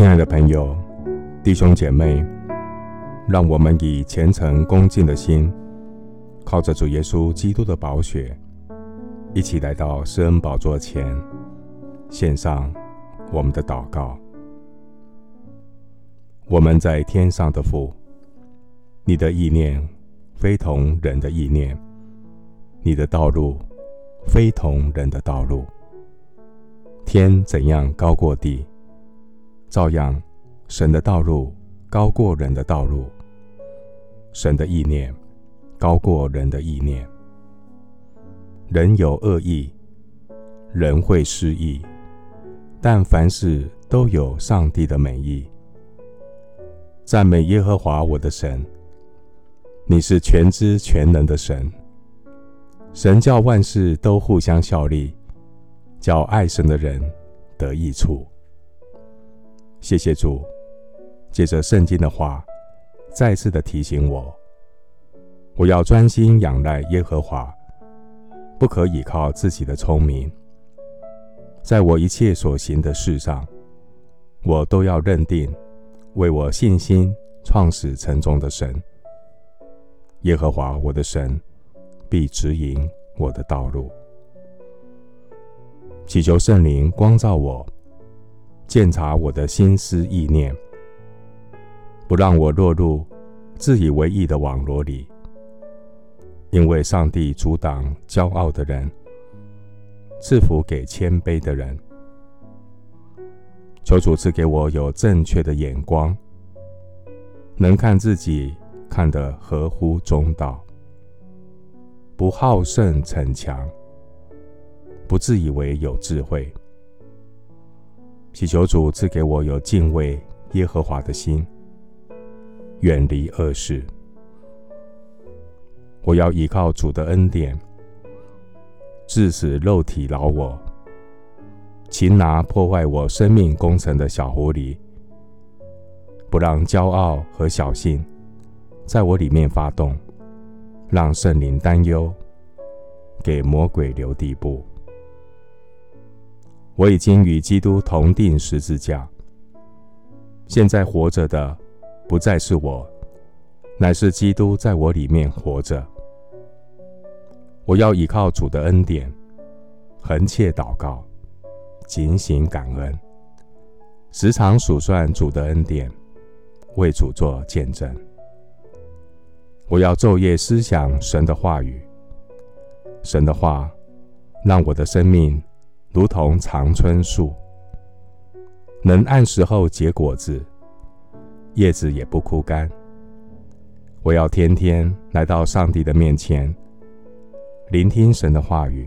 親愛的朋友、弟兄姐妹，讓我們以虔誠恭敬的心，靠着主耶穌基督的寶血，一起來到施恩寶座前，獻上我們的禱告。我們在天上的父，你的意念非同人的意念，你的道路非同人的道路。天怎樣高過地。照樣，神的道路高過人的道路，神的意念高過人的意念。人有惡意，人會失意，但凡事都有上帝的美意。讚美耶和華我的神，你是全知全能的神。神叫萬事都互相效力，叫愛神的人得益處。謝謝主，借着聖經的話，再次的提醒我，我要專心仰賴耶和華，不可倚靠自己的聰明。在我一切所行的事上，我都要認定為我信心創始成終的神，耶和華我的神必指引我的道路。祈求聖靈光照我。鑒察我的心思意念，不讓我落入自以為義的網羅裡。因為上帝阻擋驕傲的人，賜福給謙卑的人。求主賜給我有正確的眼光，能看自己看得合乎中道，不好勝逞強，不自以為有智慧。祈求主賜給我有敬畏耶和華的心，遠離惡事。我要依靠主的恩典，致使肉體擾我，擒拿破壞我生命工程的小狐狸，不讓驕傲和小心在我裡面發動，讓聖靈擔憂，給魔鬼留地步。我已經與基督同釘十字架，現在活着的不再是我，乃是基督在我裡面活着。我要依靠主的恩典，恆切禱告，警醒感恩，時常數算主的恩典，為主做見證。我要晝夜思想神的話語，神的話讓我的生命，如同常春樹，能按時候結果子，葉子也不枯乾。我要天天來到上帝的面前，聆聽神的話語。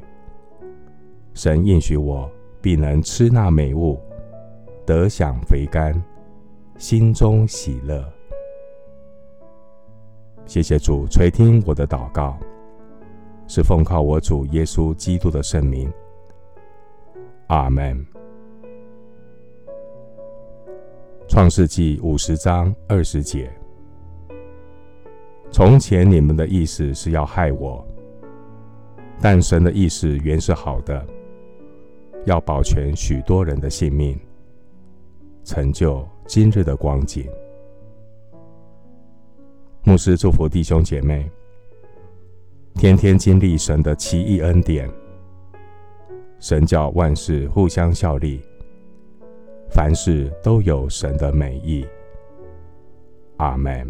神應許我，必能吃那美物，得享肥甘，心中喜樂。謝謝主垂聽我的禱告，是奉靠我主耶穌基督的聖名。阿門。創世紀五十章二十節：從前你們的意思是要害我，但神的意思原是好的，要保全許多人的性命，成就今日的光景。牧師祝福弟兄姐妹，天天經歷神的奇異恩典。神叫萬事互相效力，凡事都有神的美意。阿門。